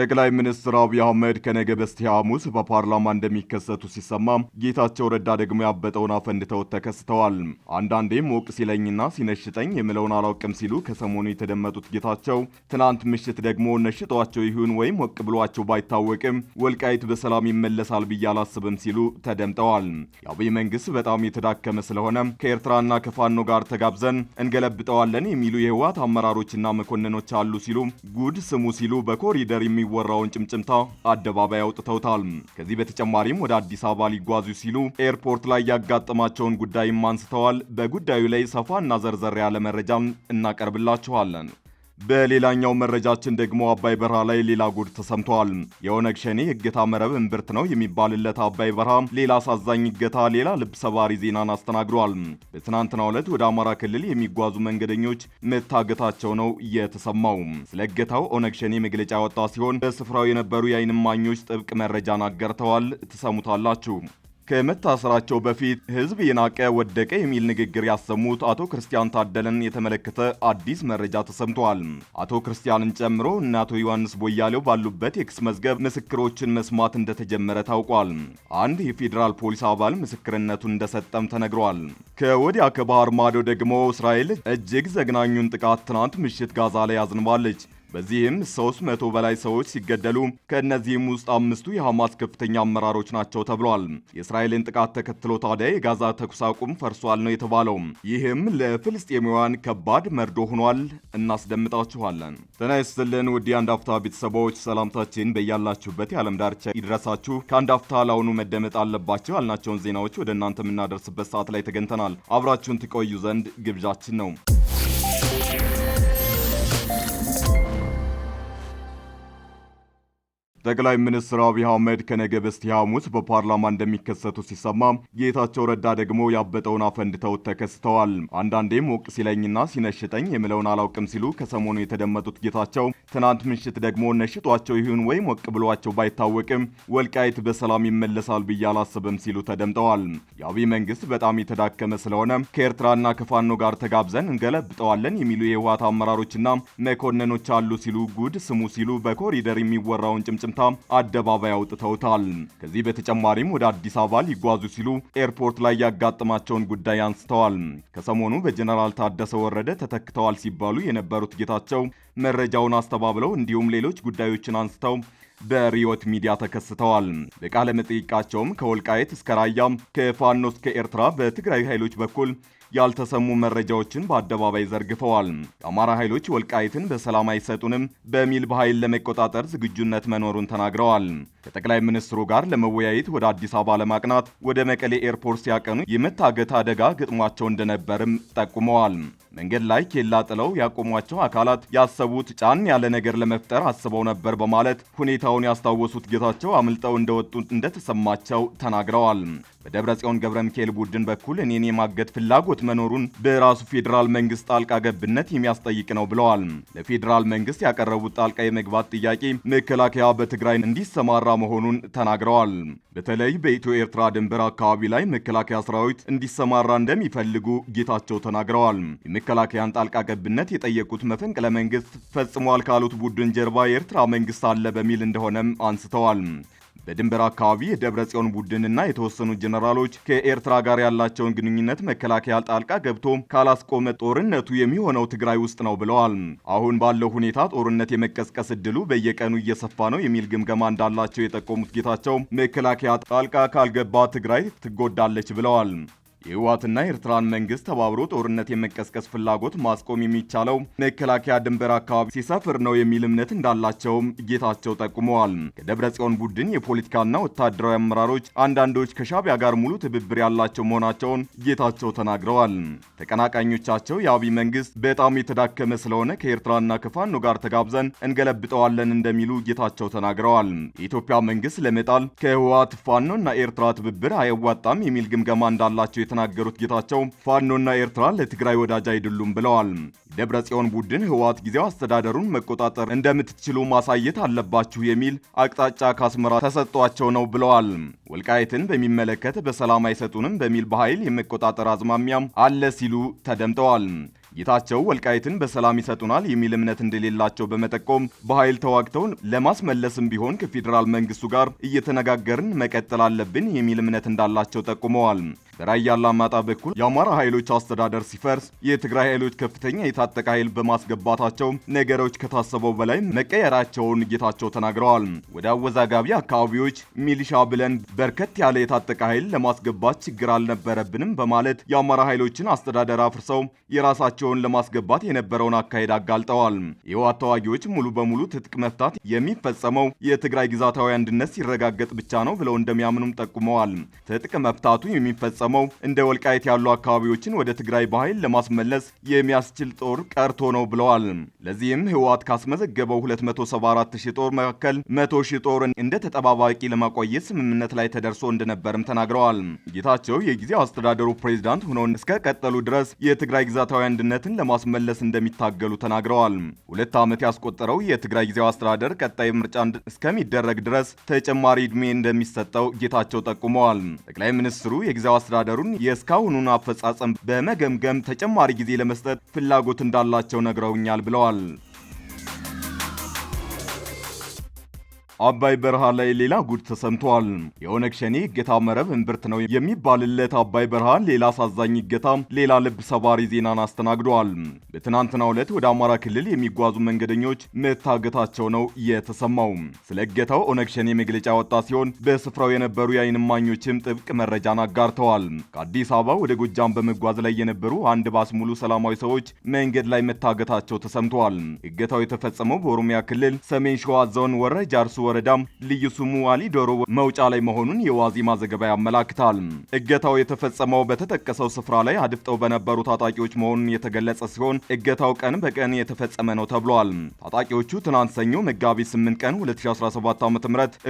ጠቅላይ ሚኒስትር አብይ አህመድ ከነገ በስቲያ ሐሙስ በፓርላማ እንደሚከሰቱ ሲሰማ ጌታቸው ረዳ ደግሞ ያበጠውን አፈንድተው ተከስተዋል። አንዳንዴም ወቅ ሲለኝና ሲነሽጠኝ የምለውን አላውቅም ሲሉ ከሰሞኑ የተደመጡት ጌታቸው ትናንት ምሽት ደግሞ ነሽጧቸው ይሁን ወይም ወቅ ብሏቸው ባይታወቅም ወልቃይት በሰላም ይመለሳል ብዬ አላስብም ሲሉ ተደምጠዋል። የአብይ መንግስት በጣም የተዳከመ ስለሆነ ከኤርትራና ከፋኖ ጋር ተጋብዘን እንገለብጠዋለን የሚሉ የህወሓት አመራሮችና መኮንኖች አሉ ሲሉ ጉድ ስሙ ሲሉ በኮሪደር የሚ የሚወራውን ጭምጭምታ አደባባይ አውጥተውታል። ከዚህ በተጨማሪም ወደ አዲስ አበባ ሊጓዙ ሲሉ ኤርፖርት ላይ ያጋጠማቸውን ጉዳይም አንስተዋል። በጉዳዩ ላይ ሰፋና ዘርዘር ያለ መረጃም እናቀርብላችኋለን። በሌላኛው መረጃችን ደግሞ አባይ በረሃ ላይ ሌላ ጉድ ተሰምቷል። የኦነግ ሸኔ እገታ መረብ እምብርት ነው የሚባልለት አባይ በረሃ ሌላ አሳዛኝ እገታ፣ ሌላ ልብ ሰባሪ ዜናን አስተናግዷል። በትናንትናው ዕለት ወደ አማራ ክልል የሚጓዙ መንገደኞች መታገታቸው ነው የተሰማው። ስለ እገታው ኦነግ ሸኔ መግለጫ ያወጣ ሲሆን በስፍራው የነበሩ የአይን እማኞች ጥብቅ መረጃን አጋርተዋል። ትሰሙታላችሁ። ከመታሰራቸው በፊት ህዝብ የናቀ ወደቀ የሚል ንግግር ያሰሙት አቶ ክርስቲያን ታደለን የተመለከተ አዲስ መረጃ ተሰምቷል። አቶ ክርስቲያንን ጨምሮ እነ አቶ ዮሐንስ ቦያሌው ባሉበት የክስ መዝገብ ምስክሮችን መስማት እንደተጀመረ ታውቋል። አንድ የፌዴራል ፖሊስ አባል ምስክርነቱን እንደሰጠም ተነግሯል። ከወዲያ ከባህር ማዶ ደግሞ እስራኤል እጅግ ዘግናኙን ጥቃት ትናንት ምሽት ጋዛ ላይ አዝንባለች። በዚህም 300 በላይ ሰዎች ሲገደሉ ከእነዚህም ውስጥ አምስቱ የሐማስ ከፍተኛ አመራሮች ናቸው ተብሏል። የእስራኤልን ጥቃት ተከትሎ ታዲያ የጋዛ ተኩስ አቁም ፈርሷል ነው የተባለው። ይህም ለፍልስጤማውያን ከባድ መርዶ ሆኗል። እናስደምጣችኋለን። ጤና ይስጥልን ውድ የአንድ አፍታ ቤተሰቦች፣ ሰላምታችን በያላችሁበት የዓለም ዳርቻ ይድረሳችሁ። ከአንድ አፍታ ለአሁኑ መደመጥ አለባቸው ያልናቸውን ዜናዎች ወደ እናንተ የምናደርስበት ሰዓት ላይ ተገኝተናል። አብራችሁን ትቆዩ ዘንድ ግብዣችን ነው። ጠቅላይ ሚኒስትር አብይ አህመድ ከነገ በስቲያ ሐሙስ በፓርላማ እንደሚከሰቱ ሲሰማ ጌታቸው ረዳ ደግሞ ያበጠውን አፈንድተው ተከስተዋል። አንዳንዴም ወቅ ሲለኝና ሲነሽጠኝ የምለውን አላውቅም ሲሉ ከሰሞኑ የተደመጡት ጌታቸው ትናንት ምሽት ደግሞ ነሽጧቸው ይሁን ወይም ወቅ ብሏቸው ባይታወቅም ወልቃይት በሰላም ይመለሳል ብዬ አላስብም ሲሉ ተደምጠዋል። የአብይ መንግስት በጣም የተዳከመ ስለሆነ ከኤርትራና ከፋኖ ጋር ተጋብዘን እንገለብጠዋለን የሚሉ የህወሓት አመራሮችና መኮንኖች አሉ ሲሉ ጉድ ስሙ ሲሉ በኮሪደር የሚወራውን ጭምጭም ፈንታ አደባባይ አውጥተውታል። ከዚህ በተጨማሪም ወደ አዲስ አበባ ሊጓዙ ሲሉ ኤርፖርት ላይ ያጋጠማቸውን ጉዳይ አንስተዋል። ከሰሞኑ በጀነራል ታደሰ ወረደ ተተክተዋል ሲባሉ የነበሩት ጌታቸው መረጃውን አስተባብለው እንዲሁም ሌሎች ጉዳዮችን አንስተው በሪዮት ሚዲያ ተከስተዋል። በቃለ መጠይቃቸውም ከወልቃየት እስከ ራያ ከፋኖ እስከ ኤርትራ በትግራይ ኃይሎች በኩል ያልተሰሙ መረጃዎችን በአደባባይ ዘርግፈዋል። የአማራ ኃይሎች ወልቃይትን በሰላም አይሰጡንም በሚል በኃይል ለመቆጣጠር ዝግጁነት መኖሩን ተናግረዋል። ከጠቅላይ ሚኒስትሩ ጋር ለመወያየት ወደ አዲስ አበባ ለማቅናት ወደ መቀሌ ኤርፖርት ሲያቀኑ የመታገት አደጋ ገጥሟቸው እንደነበርም ጠቁመዋል። መንገድ ላይ ኬላ ጥለው ያቆሟቸው አካላት ያሰቡት ጫን ያለ ነገር ለመፍጠር አስበው ነበር በማለት ሁኔታውን ያስታወሱት ጌታቸው አምልጠው እንደወጡ እንደተሰማቸው ተናግረዋል። በደብረ ጽዮን ገብረ ሚካኤል ቡድን በኩል እኔን የማገት ፍላጎት መኖሩን በራሱ ፌዴራል መንግስት ጣልቃ ገብነት የሚያስጠይቅ ነው ብለዋል። ለፌዴራል መንግስት ያቀረቡት ጣልቃ የመግባት ጥያቄ መከላከያ በትግራይ እንዲሰማራ መሆኑን ተናግረዋል። በተለይ በኢትዮ ኤርትራ ድንበር አካባቢ ላይ መከላከያ ሰራዊት እንዲሰማራ እንደሚፈልጉ ጌታቸው ተናግረዋል። የመከላከያን ጣልቃ ገብነት የጠየቁት መፈንቅለ መንግስት ፈጽሟል ካሉት ቡድን ጀርባ የኤርትራ መንግስት አለ በሚል እንደሆነም አንስተዋል። በድንበር አካባቢ የደብረ ጽዮን ቡድንና የተወሰኑ ጀነራሎች ከኤርትራ ጋር ያላቸውን ግንኙነት መከላከያ ጣልቃ ገብቶ ካላስቆመ ጦርነቱ የሚሆነው ትግራይ ውስጥ ነው ብለዋል። አሁን ባለው ሁኔታ ጦርነት የመቀስቀስ እድሉ በየቀኑ እየሰፋ ነው የሚል ግምገማ እንዳላቸው የጠቆሙት ጌታቸው መከላከያ ጣልቃ ካልገባ ትግራይ ትጎዳለች ብለዋል። የህወሓትና የኤርትራን መንግስት ተባብሮ ጦርነት የመቀስቀስ ፍላጎት ማስቆም የሚቻለው መከላከያ ድንበር አካባቢ ሲሰፍር ነው የሚል እምነት እንዳላቸውም ጌታቸው ጠቁመዋል። ከደብረ ጽዮን ቡድን የፖለቲካና ወታደራዊ አመራሮች አንዳንዶች ከሻቢያ ጋር ሙሉ ትብብር ያላቸው መሆናቸውን ጌታቸው ተናግረዋል። ተቀናቃኞቻቸው የአብይ መንግስት በጣም የተዳከመ ስለሆነ ከኤርትራና ከፋኖ ጋር ተጋብዘን እንገለብጠዋለን እንደሚሉ ጌታቸው ተናግረዋል። የኢትዮጵያ መንግስት ለመጣል ከህወሓት ፋኖና ኤርትራ ትብብር አያዋጣም የሚል ግምገማ እንዳላቸው የተናገሩት ጌታቸው ፋኖና ኤርትራ ለትግራይ ወዳጅ አይደሉም ብለዋል። የደብረ ጽዮን ቡድን ህወሓት ጊዜው አስተዳደሩን መቆጣጠር እንደምትችሉ ማሳየት አለባችሁ የሚል አቅጣጫ ከአስመራ ተሰጥቷቸው ነው ብለዋል። ወልቃይትን በሚመለከት በሰላም አይሰጡንም በሚል በኃይል የመቆጣጠር አዝማሚያም አለ ሲሉ ተደምጠዋል። ጌታቸው ወልቃይትን በሰላም ይሰጡናል የሚል እምነት እንደሌላቸው በመጠቆም በኃይል ተዋግተው ለማስመለስም ቢሆን ከፌዴራል መንግስቱ ጋር እየተነጋገርን መቀጠል አለብን የሚል እምነት እንዳላቸው ጠቁመዋል። በራያ አላማጣ በኩል የአማራ ኃይሎች አስተዳደር ሲፈርስ የትግራይ ኃይሎች ከፍተኛ የታጠቀ ኃይል በማስገባታቸው ነገሮች ከታሰበው በላይ መቀየራቸውን ጌታቸው ተናግረዋል። ወደ አወዛጋቢ አካባቢዎች ሚሊሻ ብለን በርከት ያለ የታጠቀ ኃይል ለማስገባት ችግር አልነበረብንም በማለት የአማራ ኃይሎችን አስተዳደር አፍርሰው የራሳቸውን ለማስገባት የነበረውን አካሄድ አጋልጠዋል። የህወሓት ተዋጊዎች ሙሉ በሙሉ ትጥቅ መፍታት የሚፈጸመው የትግራይ ግዛታዊ አንድነት ሲረጋገጥ ብቻ ነው ብለው እንደሚያምኑም ጠቁመዋል። ትጥቅ መፍታቱ የሚፈጸ የተፈጸመው እንደ ወልቃይት ያሉ አካባቢዎችን ወደ ትግራይ በኃይል ለማስመለስ የሚያስችል ጦር ቀርቶ ነው ብለዋል። ለዚህም ህወሓት ካስመዘገበው 274 ሺህ ጦር መካከል 100 ሺህ ጦር እንደ ተጠባባቂ ለማቆየት ስምምነት ላይ ተደርሶ እንደነበርም ተናግረዋል። ጌታቸው የጊዜው አስተዳደሩ ፕሬዚዳንት ሆነው እስከቀጠሉ ድረስ የትግራይ ግዛታዊ አንድነትን ለማስመለስ እንደሚታገሉ ተናግረዋል። ሁለት ዓመት ያስቆጠረው የትግራይ ጊዜው አስተዳደር ቀጣይ ምርጫ እስከሚደረግ ድረስ ተጨማሪ ዕድሜ እንደሚሰጠው ጌታቸው ጠቁመዋል። ጠቅላይ ሚኒስትሩ የጊዜው አስተዳደሩን የእስካሁኑን አፈጻጸም በመገምገም ተጨማሪ ጊዜ ለመስጠት ፍላጎት እንዳላቸው ነግረውኛል ብለዋል። አባይ በረሃ ላይ ሌላ ጉድ ተሰምቷል። የኦነግ ሸኔ እገታ መረብ እምብርት ነው የሚባልለት አባይ በርሃ ሌላ አሳዛኝ እገታ፣ ሌላ ልብ ሰባሪ ዜናን አስተናግደዋል። በትናንትናው ዕለት ወደ አማራ ክልል የሚጓዙ መንገደኞች መታገታቸው ነው የተሰማው። ስለ እገታው ኦነግ ሸኔ መግለጫ ወጣ ሲሆን በስፍራው የነበሩ የአይን እማኞችም ጥብቅ መረጃን አጋርተዋል። ከአዲስ አበባ ወደ ጎጃም በመጓዝ ላይ የነበሩ አንድ ባስ ሙሉ ሰላማዊ ሰዎች መንገድ ላይ መታገታቸው ተሰምተዋል። እገታው የተፈጸመው በኦሮሚያ ክልል ሰሜን ሸዋ ዞን ወረ ጃርሱ ወረዳም ልዩ ስሙ ዋሊ ዶሮ መውጫ ላይ መሆኑን የዋዜማ ዘገባ ያመላክታል። እገታው የተፈጸመው በተጠቀሰው ስፍራ ላይ አድፍጠው በነበሩ ታጣቂዎች መሆኑን የተገለጸ ሲሆን እገታው ቀን በቀን የተፈጸመ ነው ተብሏል። ታጣቂዎቹ ትናንት ሰኞ መጋቢት 8 ቀን 2017 ዓ.ም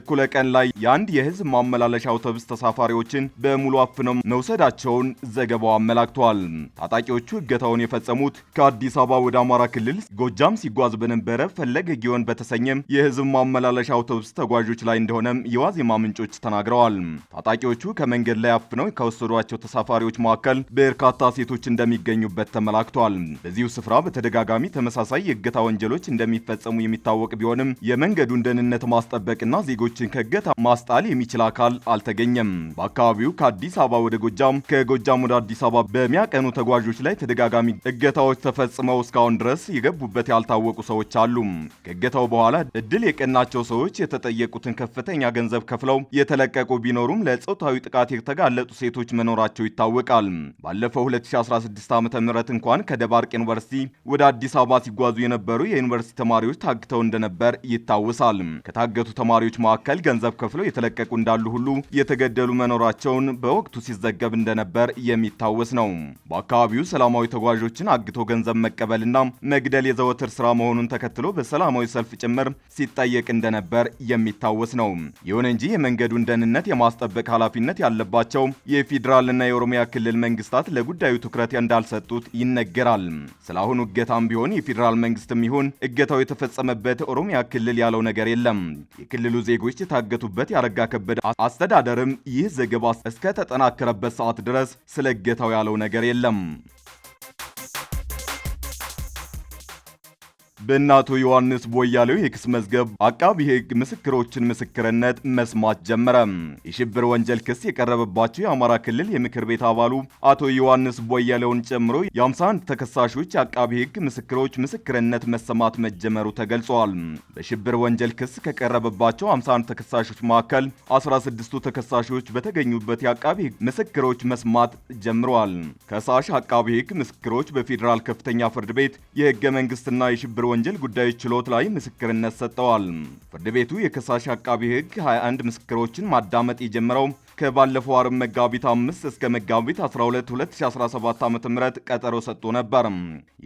እኩለ ቀን ላይ የአንድ የህዝብ ማመላለሻ አውቶቡስ ተሳፋሪዎችን በሙሉ አፍነው መውሰዳቸውን ዘገባው አመላክቷል። ታጣቂዎቹ እገታውን የፈጸሙት ከአዲስ አበባ ወደ አማራ ክልል ጎጃም ሲጓዝ በነበረ ፈለገ ጊዮን በተሰኘም የህዝብ ማመላለሻ አውቶቡስ ተጓዦች ላይ እንደሆነም የዋዜማ ምንጮች ተናግረዋል። ታጣቂዎቹ ከመንገድ ላይ አፍነው ከወሰዷቸው ተሳፋሪዎች መካከል በርካታ ሴቶች እንደሚገኙበት ተመላክቷል። በዚሁ ስፍራ በተደጋጋሚ ተመሳሳይ የእገታ ወንጀሎች እንደሚፈጸሙ የሚታወቅ ቢሆንም የመንገዱን ደህንነት ማስጠበቅና ዜጎችን ከእገታ ማስጣል የሚችል አካል አልተገኘም። በአካባቢው ከአዲስ አበባ ወደ ጎጃም፣ ከጎጃም ወደ አዲስ አበባ በሚያቀኑ ተጓዦች ላይ ተደጋጋሚ እገታዎች ተፈጽመው እስካሁን ድረስ የገቡበት ያልታወቁ ሰዎች አሉ። ከእገታው በኋላ እድል የቀናቸው ሰዎች ወላጆች የተጠየቁትን ከፍተኛ ገንዘብ ከፍለው የተለቀቁ ቢኖሩም ለጾታዊ ጥቃት የተጋለጡ ሴቶች መኖራቸው ይታወቃል። ባለፈው 2016 ዓ ም እንኳን ከደባርቅ ዩኒቨርሲቲ ወደ አዲስ አበባ ሲጓዙ የነበሩ የዩኒቨርሲቲ ተማሪዎች ታግተው እንደነበር ይታወሳል። ከታገቱ ተማሪዎች መካከል ገንዘብ ከፍለው የተለቀቁ እንዳሉ ሁሉ የተገደሉ መኖራቸውን በወቅቱ ሲዘገብ እንደነበር የሚታወስ ነው። በአካባቢው ሰላማዊ ተጓዦችን አግቶ ገንዘብ መቀበልና መግደል የዘወትር ስራ መሆኑን ተከትሎ በሰላማዊ ሰልፍ ጭምር ሲጠየቅ እንደነበር መመረር የሚታወስ ነው። ይሁን እንጂ የመንገዱን ደህንነት የማስጠበቅ ኃላፊነት ያለባቸው የፌዴራልና የኦሮሚያ ክልል መንግስታት ለጉዳዩ ትኩረት እንዳልሰጡት ይነገራል። ስለ አሁኑ እገታም ቢሆን የፌዴራል መንግስትም ይሁን እገታው የተፈጸመበት ኦሮሚያ ክልል ያለው ነገር የለም። የክልሉ ዜጎች የታገቱበት ያረጋ ከበደ አስተዳደርም ይህ ዘገባ እስከተጠናከረበት ሰዓት ድረስ ስለ እገታው ያለው ነገር የለም። በእነ አቶ ዮሐንስ ቦያሌው የክስ መዝገብ አቃቢ ህግ ምስክሮችን ምስክርነት መስማት ጀመረ። የሽብር ወንጀል ክስ የቀረበባቸው የአማራ ክልል የምክር ቤት አባሉ አቶ ዮሐንስ ቦያሌውን ጨምሮ የ51 ተከሳሾች የአቃቢ ሕግ ምስክሮች ምስክርነት መሰማት መጀመሩ ተገልጿል። በሽብር ወንጀል ክስ ከቀረበባቸው 51 ተከሳሾች መካከል 16ቱ ተከሳሾች በተገኙበት የአቃቢ ህግ ምስክሮች መስማት ጀምረዋል። ከሳሽ አቃቢ ሕግ ምስክሮች በፌዴራል ከፍተኛ ፍርድ ቤት የህገ መንግስትና የሽብር የወንጀል ጉዳዮች ችሎት ላይ ምስክርነት ሰጥተዋል። ፍርድ ቤቱ የከሳሽ አቃቢ ህግ 21 ምስክሮችን ማዳመጥ የጀመረው ከባለፈው አርብ መጋቢት 5 እስከ መጋቢት 12 2017 ዓ.ም ቀጠሮ ሰጥቶ ነበር።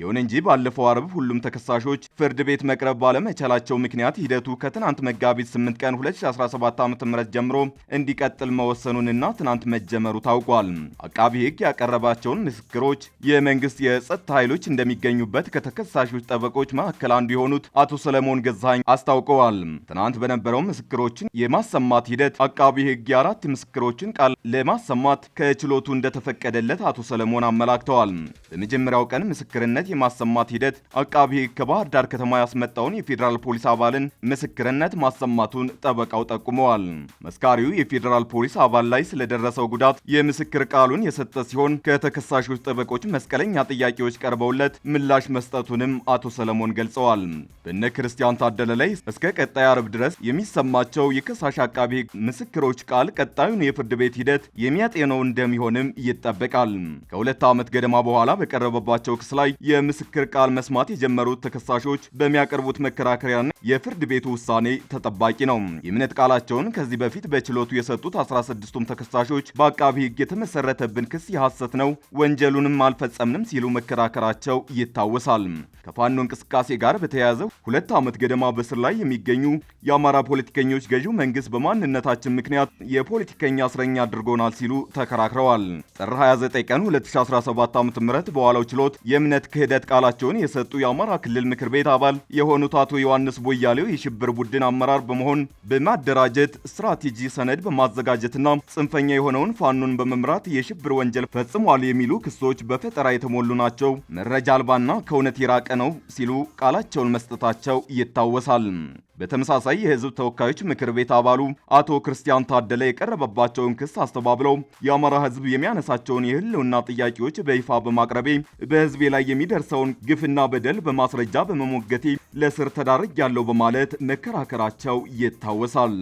ይሁን እንጂ ባለፈው አርብ ሁሉም ተከሳሾች ፍርድ ቤት መቅረብ ባለመቻላቸው ምክንያት ሂደቱ ከትናንት መጋቢት 8 ቀን 2017 ዓ.ም ጀምሮ እንዲቀጥል መወሰኑንና ትናንት መጀመሩ ታውቋል። አቃቢ ሕግ ያቀረባቸውን ምስክሮች የመንግስት የጸጥታ ኃይሎች እንደሚገኙበት ከተከሳሾች ጠበቆች መካከል አንዱ የሆኑት አቶ ሰለሞን ገዛኝ አስታውቀዋል። ትናንት በነበረው ምስክሮችን የማሰማት ሂደት አቃቢ ሕግ የአራት ምስክሮች ምስክሮችን ቃል ለማሰማት ከችሎቱ እንደተፈቀደለት አቶ ሰለሞን አመላክተዋል። በመጀመሪያው ቀን ምስክርነት የማሰማት ሂደት አቃቢ ሕግ ከባህር ዳር ከተማ ያስመጣውን የፌዴራል ፖሊስ አባልን ምስክርነት ማሰማቱን ጠበቃው ጠቁመዋል። መስካሪው የፌዴራል ፖሊስ አባል ላይ ስለደረሰው ጉዳት የምስክር ቃሉን የሰጠ ሲሆን ከተከሳሾች ጠበቆች መስቀለኛ ጥያቄዎች ቀርበውለት ምላሽ መስጠቱንም አቶ ሰለሞን ገልጸዋል። በነ ክርስቲያን ታደለ ላይ እስከ ቀጣይ አርብ ድረስ የሚሰማቸው የከሳሽ አቃቢ ሕግ ምስክሮች ቃል ቀጣዩን የፍርድ ቤት ሂደት የሚያጤነው እንደሚሆንም ይጠበቃል። ከሁለት ዓመት ገደማ በኋላ በቀረበባቸው ክስ ላይ የምስክር ቃል መስማት የጀመሩት ተከሳሾች በሚያቀርቡት መከራከሪያና የፍርድ ቤቱ ውሳኔ ተጠባቂ ነው። የእምነት ቃላቸውን ከዚህ በፊት በችሎቱ የሰጡት 16ቱም ተከሳሾች በአቃቢ ሕግ የተመሰረተብን ክስ የሐሰት ነው፣ ወንጀሉንም አልፈጸምንም ሲሉ መከራከራቸው ይታወሳል። ከፋኖ እንቅስቃሴ ጋር በተያያዘ ሁለት ዓመት ገደማ በስር ላይ የሚገኙ የአማራ ፖለቲከኞች ገዢው መንግስት በማንነታችን ምክንያት የፖለቲከ ዋነኛ እስረኛ አድርጎናል ሲሉ ተከራክረዋል። ጥር 29 ቀን 2017 ዓ.ም በዋለው ችሎት የእምነት ክህደት ቃላቸውን የሰጡ የአማራ ክልል ምክር ቤት አባል የሆኑት አቶ ዮሐንስ ቦያሌው የሽብር ቡድን አመራር በመሆን በማደራጀት ስትራቴጂ ሰነድ በማዘጋጀትና ጽንፈኛ የሆነውን ፋኖን በመምራት የሽብር ወንጀል ፈጽሟል የሚሉ ክሶች በፈጠራ የተሞሉ ናቸው፣ መረጃ አልባና ከእውነት የራቀ ነው ሲሉ ቃላቸውን መስጠታቸው ይታወሳል። በተመሳሳይ የህዝብ ተወካዮች ምክር ቤት አባሉ አቶ ክርስቲያን ታደለ የቀረበባቸውን ክስ አስተባብለው የአማራ ህዝብ የሚያነሳቸውን የህልውና ጥያቄዎች በይፋ በማቅረቤ በህዝቤ ላይ የሚደርሰውን ግፍና በደል በማስረጃ በመሞገቴ ለስር ተዳርግ ያለው በማለት መከራከራቸው ይታወሳል።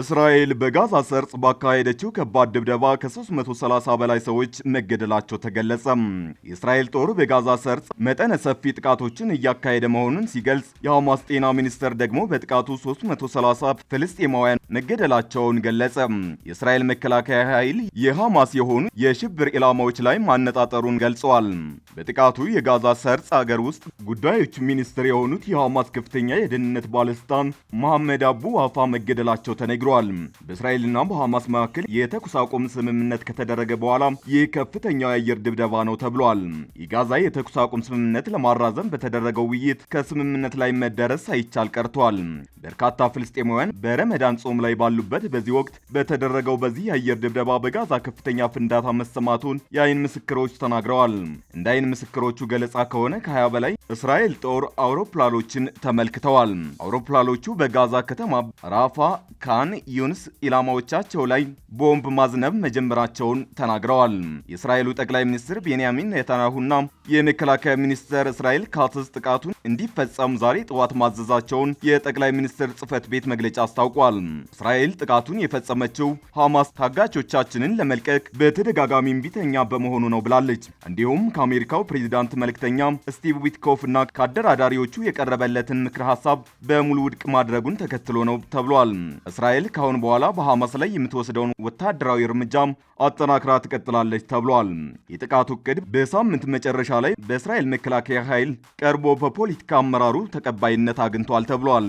እስራኤል በጋዛ ሰርጽ ባካሄደችው ከባድ ድብደባ ከ330 በላይ ሰዎች መገደላቸው ተገለጸ። የእስራኤል ጦር በጋዛ ሰርጽ መጠነ ሰፊ ጥቃቶችን እያካሄደ መሆኑን ሲገልጽ፣ የሐማስ ጤና ሚኒስቴር ደግሞ በጥቃቱ 330 ፍልስጤማውያን መገደላቸውን ገለጸ። የእስራኤል መከላከያ ኃይል የሐማስ የሆኑ የሽብር ኢላማዎች ላይ ማነጣጠሩን ገልጸዋል። በጥቃቱ የጋዛ ሰርጽ አገር ውስጥ ጉዳዮች ሚኒስትር የሆኑት የሐማስ ከፍተኛ የደህንነት ባለስልጣን መሐመድ አቡ ዋፋ መገደላቸው ተነግሯል። ተናግረዋል። በእስራኤልና በሐማስ መካከል የተኩስ አቁም ስምምነት ከተደረገ በኋላ ይህ ከፍተኛው የአየር ድብደባ ነው ተብሏል። የጋዛ የተኩስ አቁም ስምምነት ለማራዘም በተደረገው ውይይት ከስምምነት ላይ መደረስ ሳይቻል ቀርቷል። በርካታ ፍልስጤማውያን በረመዳን ጾም ላይ ባሉበት በዚህ ወቅት በተደረገው በዚህ የአየር ድብደባ በጋዛ ከፍተኛ ፍንዳታ መሰማቱን የአይን ምስክሮች ተናግረዋል። እንደ አይን ምስክሮቹ ገለጻ ከሆነ ከ20 በላይ እስራኤል ጦር አውሮፕላኖችን ተመልክተዋል። አውሮፕላኖቹ በጋዛ ከተማ ራፋ ካን ዩንስ ኢላማዎቻቸው ላይ ቦምብ ማዝነብ መጀመራቸውን ተናግረዋል። የእስራኤሉ ጠቅላይ ሚኒስትር ቤንያሚን ኔታንያሁና የመከላከያ ሚኒስትር እስራኤል ካትስ ጥቃቱን እንዲፈጸም ዛሬ ጥዋት ማዘዛቸውን የጠቅላይ ሚኒስትር ጽህፈት ቤት መግለጫ አስታውቋል። እስራኤል ጥቃቱን የፈጸመችው ሐማስ ታጋቾቻችንን ለመልቀቅ በተደጋጋሚ እምቢተኛ በመሆኑ ነው ብላለች። እንዲሁም ከአሜሪካው ፕሬዚዳንት መልእክተኛ ስቲቭ ዊትኮፍ እና ከአደራዳሪዎቹ የቀረበለትን ምክር ሀሳብ በሙሉ ውድቅ ማድረጉን ተከትሎ ነው ተብሏል። እስራኤል ካሁን በኋላ በሐማስ ላይ የምትወስደውን ወታደራዊ እርምጃም አጠናክራ ትቀጥላለች ተብሏል። የጥቃቱ እቅድ በሳምንት መጨረሻ ላይ በእስራኤል መከላከያ ኃይል ቀርቦ በፖሊ ፖለቲካ አመራሩ ተቀባይነት አግኝቷል ተብሏል።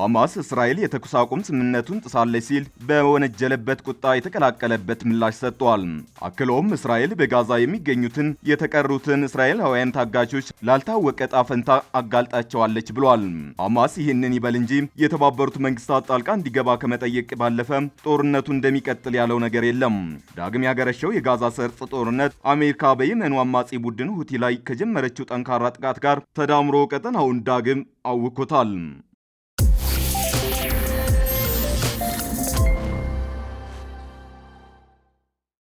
ሐማስ እስራኤል የተኩስ አቁም ስምምነቱን ጥሳለች ሲል በወነጀለበት ቁጣ የተቀላቀለበት ምላሽ ሰጥቷል። አክሎም እስራኤል በጋዛ የሚገኙትን የተቀሩትን እስራኤላውያን ታጋቾች ላልታወቀ ጣፈንታ አጋልጣቸዋለች ብሏል። ሐማስ ይህንን ይበል እንጂ የተባበሩት መንግስታት ጣልቃ እንዲገባ ከመጠየቅ ባለፈ ጦርነቱ እንደሚቀጥል ያለው ነገር የለም። ዳግም ያገረሸው የጋዛ ሰርጥ ጦርነት አሜሪካ በየመኑ አማጺ ቡድን ሁቲ ላይ ከጀመረችው ጠንካራ ጥቃት ጋር ተዳምሮ ቀጠናውን ዳግም አውኮታል።